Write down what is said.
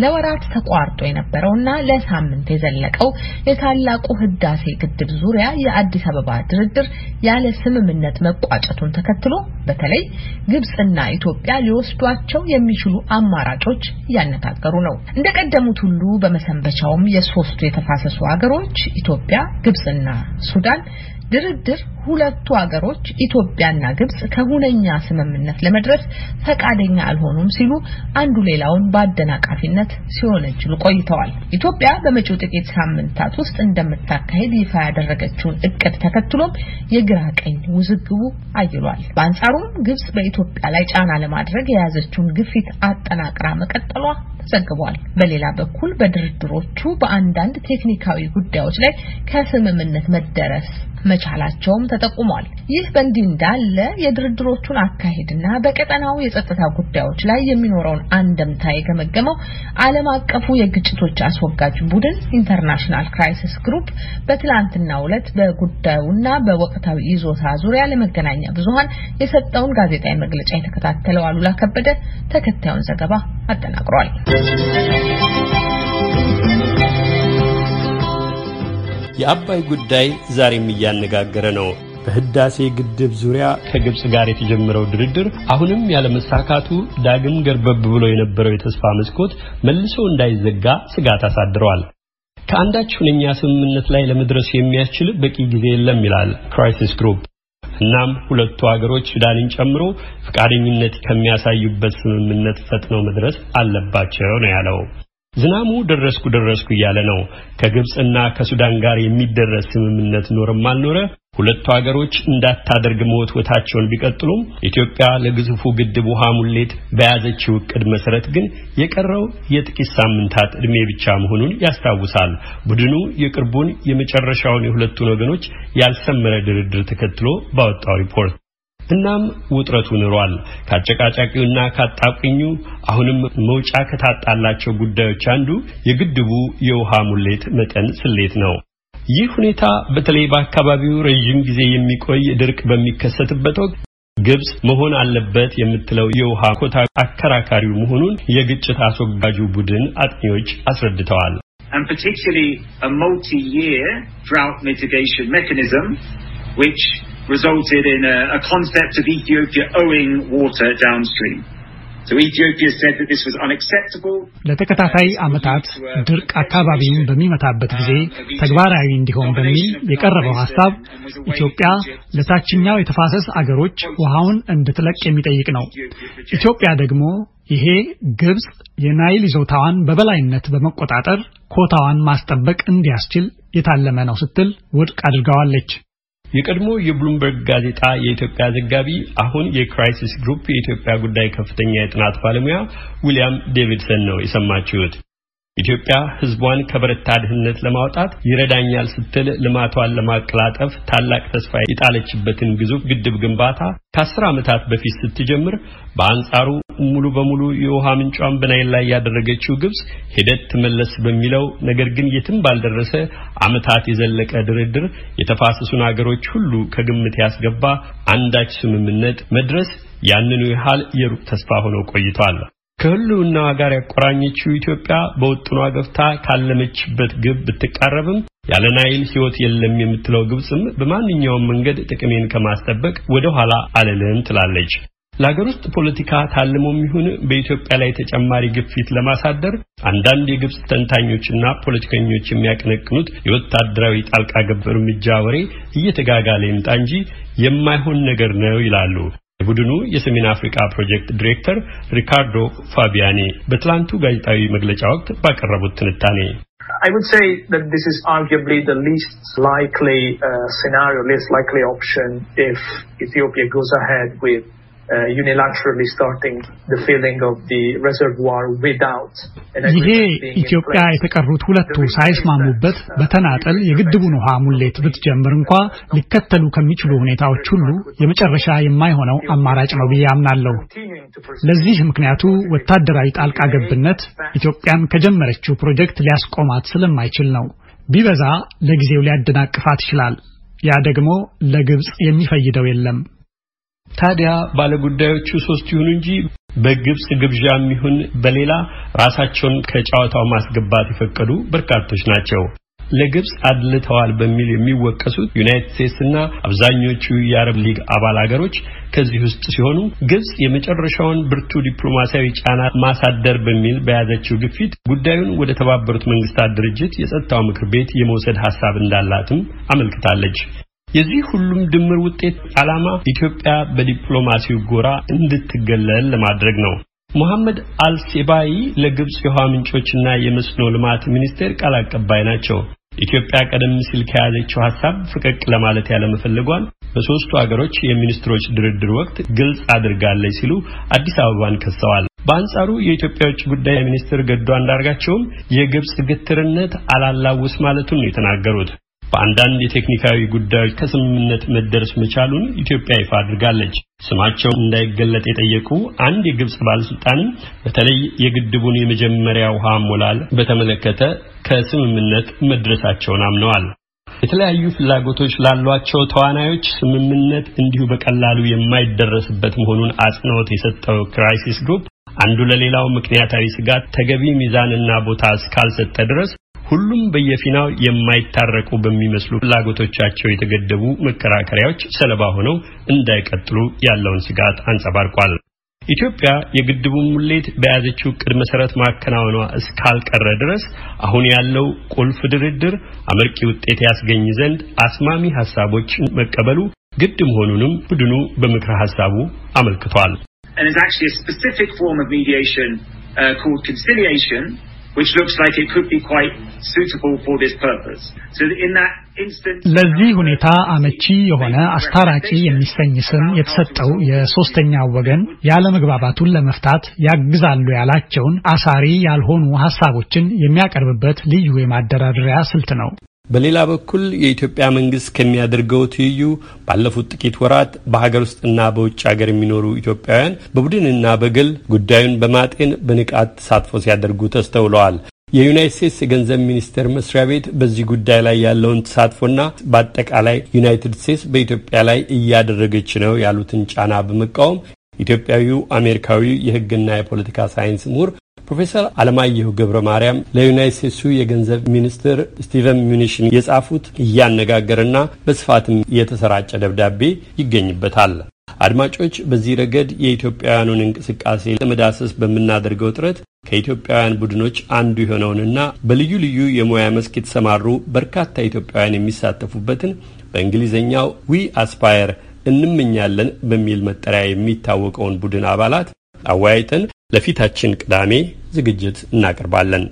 ለወራት ተቋርጦ የነበረውና ለሳምንት የዘለቀው የታላቁ ህዳሴ ግድብ ዙሪያ የአዲስ አበባ ድርድር ያለ ስምምነት መቋጨቱን ተከትሎ በተለይ ግብጽና ኢትዮጵያ ሊወስዷቸው የሚችሉ አማራጮች እያነጋገሩ ነው። እንደቀደሙት ሁሉ በመሰንበቻውም የሶስቱ የተፋሰሱ ሀገሮች ኢትዮጵያ፣ ግብጽና ሱዳን ድርድር ሁለቱ አገሮች ኢትዮጵያና ግብጽ ከሁነኛ ስምምነት ለመድረስ ፈቃደኛ አልሆኑም ሲሉ አንዱ ሌላውን በአደናቃፊነት ሲወነጅሉ ቆይተዋል። ኢትዮጵያ በመጪው ጥቂት ሳምንታት ውስጥ እንደምታካሄድ ይፋ ያደረገችውን እቅድ ተከትሎም የግራ ቀኝ ውዝግቡ አይሏል። በአንጻሩም ግብጽ በኢትዮጵያ ላይ ጫና ለማድረግ የያዘችውን ግፊት አጠናቅራ መቀጠሏ ተዘግቧል። በሌላ በኩል በድርድሮቹ በአንዳንድ ቴክኒካዊ ጉዳዮች ላይ ከስምምነት መደረስ መቻላቸውም ተጠቁሟል። ይህ በእንዲህ እንዳለ የድርድሮቹን አካሄድና በቀጠናው የጸጥታ ጉዳዮች ላይ የሚኖረውን አንደምታ የገመገመው ዓለም አቀፉ የግጭቶች አስወጋጅ ቡድን ኢንተርናሽናል ክራይሲስ ግሩፕ በትላንትናው ዕለት በጉዳዩና በወቅታዊ ይዞታ ዙሪያ ለመገናኛ ብዙሀን የሰጠውን ጋዜጣዊ መግለጫ የተከታተለው አሉላ ከበደ ተከታዩን ዘገባ አጠናቅሯል። የአባይ ጉዳይ ዛሬም እያነጋገረ ነው። በህዳሴ ግድብ ዙሪያ ከግብፅ ጋር የተጀመረው ድርድር አሁንም ያለመሳካቱ ዳግም ገርበብ ብሎ የነበረው የተስፋ መስኮት መልሶ እንዳይዘጋ ስጋት አሳድረዋል። ከአንዳች ሁነኛ ስምምነት ላይ ለመድረስ የሚያስችል በቂ ጊዜ የለም ይላል ክራይሲስ ግሩፕ። እናም ሁለቱ ሀገሮች ሱዳንን ጨምሮ ፈቃደኝነት ከሚያሳዩበት ስምምነት ፈጥነው መድረስ አለባቸው ነው ያለው። ዝናሙ ደረስኩ ደረስኩ እያለ ነው። ከግብፅና ከሱዳን ጋር የሚደረስ ስምምነት ኖርም አልኖረ ሁለቱ ሀገሮች እንዳታደርግ መወትወታቸውን ቢቀጥሉም ኢትዮጵያ ለግዙፉ ግድብ ውሃ ሙሌት በያዘችው እቅድ መሰረት ግን የቀረው የጥቂት ሳምንታት ዕድሜ ብቻ መሆኑን ያስታውሳል። ቡድኑ የቅርቡን የመጨረሻውን የሁለቱን ወገኖች ያልሰመረ ድርድር ተከትሎ ባወጣው ሪፖርት እናም ውጥረቱ ኑሯል። ከአጨቃጫቂውና ካጣቅኙ አሁንም መውጫ ከታጣላቸው ጉዳዮች አንዱ የግድቡ የውሃ ሙሌት መጠን ስሌት ነው። ይህ ሁኔታ በተለይ በአካባቢው ረዥም ጊዜ የሚቆይ ድርቅ በሚከሰትበት ወቅት ግብጽ መሆን አለበት የምትለው የውሃ ኮታ አከራካሪው መሆኑን የግጭት አስወጋጁ ቡድን አጥኚዎች አስረድተዋል። and resulted in a, a concept of Ethiopia owing water downstream. ለተከታታይ ዓመታት ድርቅ አካባቢውን በሚመታበት ጊዜ ተግባራዊ እንዲሆን በሚል የቀረበው ሐሳብ ኢትዮጵያ ለታችኛው የተፋሰስ አገሮች ውሃውን እንድትለቅ የሚጠይቅ ነው። ኢትዮጵያ ደግሞ ይሄ ግብጽ የናይል ይዞታዋን በበላይነት በመቆጣጠር ኮታዋን ማስጠበቅ እንዲያስችል የታለመ ነው ስትል ውድቅ አድርገዋለች። የቀድሞ የብሉምበርግ ጋዜጣ የኢትዮጵያ ዘጋቢ አሁን የክራይሲስ ግሩፕ የኢትዮጵያ ጉዳይ ከፍተኛ የጥናት ባለሙያ ዊልያም ዴቪድሰን ነው የሰማችሁት። ኢትዮጵያ ሕዝቧን ከበረታ ድህነት ለማውጣት ይረዳኛል ስትል ልማቷን ለማቀላጠፍ ታላቅ ተስፋ የጣለችበትን ግዙፍ ግድብ ግንባታ ከአስር ዓመታት በፊት ስትጀምር በአንጻሩ ሙሉ በሙሉ የውሃ ምንጯን በናይል ላይ ያደረገችው ግብጽ ሂደት ትመለስ በሚለው ነገር ግን የትም ባልደረሰ ዓመታት የዘለቀ ድርድር የተፋሰሱን አገሮች ሁሉ ከግምት ያስገባ አንዳች ስምምነት መድረስ ያንኑ ያህል የሩቅ ተስፋ ሆኖ ቆይቷል። ከህልውናዋ ጋር ያቆራኘችው ኢትዮጵያ በውጥኗ ገፍታ ካለመችበት ግብ ብትቃረብም ያለ ናይል ህይወት የለም የምትለው ግብፅም በማንኛውም መንገድ ጥቅሜን ከማስጠበቅ ወደ ኋላ አልልም ትላለች። ለሀገር ውስጥ ፖለቲካ ታልሞም ይሁን በኢትዮጵያ ላይ ተጨማሪ ግፊት ለማሳደር አንዳንድ የግብፅ ተንታኞችና ፖለቲከኞች የሚያቀነቅኑት የወታደራዊ ጣልቃ ገብ እርምጃ ወሬ እየተጋጋለ ይምጣ እንጂ የማይሆን ነገር ነው ይላሉ። የቡድኑ የሰሜን አፍሪካ ፕሮጀክት ዲሬክተር ሪካርዶ ፋቢያኒ በትላንቱ ጋዜጣዊ መግለጫ ወቅት ባቀረቡት ትንታኔ I would say that this is arguably the least likely uh, scenario, least likely option if Ethiopia goes ahead with ይሄ uh, ኢትዮጵያ የተቀሩት ሁለቱ ሳይስማሙበት uh, በተናጠል የግድቡን ውሃ ሙሌት ብትጀምር እንኳ uh, ሊከተሉ ከሚችሉ ሁኔታዎች ሁሉ የመጨረሻ የማይሆነው አማራጭ ነው ብዬ አምናለሁ። ለዚህ ምክንያቱ ወታደራዊ ጣልቃ ገብነት ኢትዮጵያን ከጀመረችው ፕሮጀክት ሊያስቆማት ስለማይችል ነው። ቢበዛ ለጊዜው ሊያደናቅፋት ይችላል። ያ ደግሞ ለግብፅ የሚፈይደው የለም። ታዲያ ባለጉዳዮቹ ሶስት ይሁን እንጂ በግብጽ ግብዣ ይሁን በሌላ ራሳቸውን ከጨዋታው ማስገባት የፈቀዱ በርካቶች ናቸው። ለግብጽ አድልተዋል በሚል የሚወቀሱት ዩናይትድ ስቴትስ እና አብዛኞቹ የአረብ ሊግ አባል ሀገሮች ከዚህ ውስጥ ሲሆኑ ግብጽ የመጨረሻውን ብርቱ ዲፕሎማሲያዊ ጫና ማሳደር በሚል በያዘችው ግፊት ጉዳዩን ወደ ተባበሩት መንግስታት ድርጅት የጸጥታው ምክር ቤት የመውሰድ ሀሳብ እንዳላትም አመልክታለች። የዚህ ሁሉም ድምር ውጤት ዓላማ ኢትዮጵያ በዲፕሎማሲው ጎራ እንድትገለል ለማድረግ ነው። ሞሐመድ አልሴባይ ለግብጽ የውሃ ምንጮችና የመስኖ ልማት ሚኒስቴር ቃል አቀባይ ናቸው። ኢትዮጵያ ቀደም ሲል ከያዘችው ሀሳብ ፈቀቅ ለማለት ያለመፈለጓን በሦስቱ አገሮች የሚኒስትሮች ድርድር ወቅት ግልጽ አድርጋለች ሲሉ አዲስ አበባን ከሰዋል። በአንጻሩ የኢትዮጵያ ውጭ ጉዳይ ሚኒስትር ገዱ አንዳርጋቸውም የግብጽ ግትርነት አላላውስ ማለቱን ነው የተናገሩት። በአንዳንድ የቴክኒካዊ ጉዳዮች ከስምምነት መደረስ መቻሉን ኢትዮጵያ ይፋ አድርጋለች። ስማቸው እንዳይገለጥ የጠየቁ አንድ የግብጽ ባለስልጣንም በተለይ የግድቡን የመጀመሪያ ውሃ ሞላል በተመለከተ ከስምምነት መድረሳቸውን አምነዋል። የተለያዩ ፍላጎቶች ላሏቸው ተዋናዮች ስምምነት እንዲሁ በቀላሉ የማይደረስበት መሆኑን አጽንኦት የሰጠው ክራይሲስ ግሩፕ አንዱ ለሌላው ምክንያታዊ ስጋት ተገቢ ሚዛንና ቦታ እስካልሰጠ ድረስ ሁሉም በየፊናው የማይታረቁ በሚመስሉ ፍላጎቶቻቸው የተገደቡ መከራከሪያዎች ሰለባ ሆነው እንዳይቀጥሉ ያለውን ስጋት አንጸባርቋል። ኢትዮጵያ የግድቡን ሙሌት በያዘችው ቅድ መሰረት ማከናወኗ እስካልቀረ ድረስ አሁን ያለው ቁልፍ ድርድር አመርቂ ውጤት ያስገኝ ዘንድ አስማሚ ሀሳቦችን መቀበሉ ግድ መሆኑንም ቡድኑ በምክረ ሀሳቡ አመልክቷል። ለዚህ ሁኔታ አመቺ የሆነ አስታራቂ የሚሰኝ ስም የተሰጠው የሶስተኛው ወገን ያለመግባባቱን ለመፍታት ያግዛሉ ያላቸውን አሳሪ ያልሆኑ ሀሳቦችን የሚያቀርብበት ልዩ የማደራደሪያ ስልት ነው። በሌላ በኩል የኢትዮጵያ መንግስት ከሚያደርገው ትይዩ ባለፉት ጥቂት ወራት በሀገር ውስጥና በውጭ ሀገር የሚኖሩ ኢትዮጵያውያን በቡድንና በግል ጉዳዩን በማጤን በንቃት ተሳትፎ ሲያደርጉ ተስተውለዋል። የዩናይት ስቴትስ የገንዘብ ሚኒስቴር መስሪያ ቤት በዚህ ጉዳይ ላይ ያለውን ተሳትፎና በአጠቃላይ ዩናይትድ ስቴትስ በኢትዮጵያ ላይ እያደረገች ነው ያሉትን ጫና በመቃወም ኢትዮጵያዊው አሜሪካዊ የሕግና የፖለቲካ ሳይንስ ምሁር ፕሮፌሰር አለማየሁ ገብረ ማርያም ለዩናይት ስቴትሱ የገንዘብ ሚኒስትር ስቲቨን ሚኒሽን የጻፉት እያነጋገርና በስፋትም የተሰራጨ ደብዳቤ ይገኝበታል። አድማጮች በዚህ ረገድ የኢትዮጵያውያኑን እንቅስቃሴ ለመዳሰስ በምናደርገው ጥረት ከኢትዮጵያውያን ቡድኖች አንዱ የሆነውንና በልዩ ልዩ የሙያ መስክ የተሰማሩ በርካታ ኢትዮጵያውያን የሚሳተፉበትን በእንግሊዝኛው ዊ አስፓየር እንመኛለን በሚል መጠሪያ የሚታወቀውን ቡድን አባላት አወያይተን ለፊታችን ቅዳሜ ዝግጅት እናቀርባለን።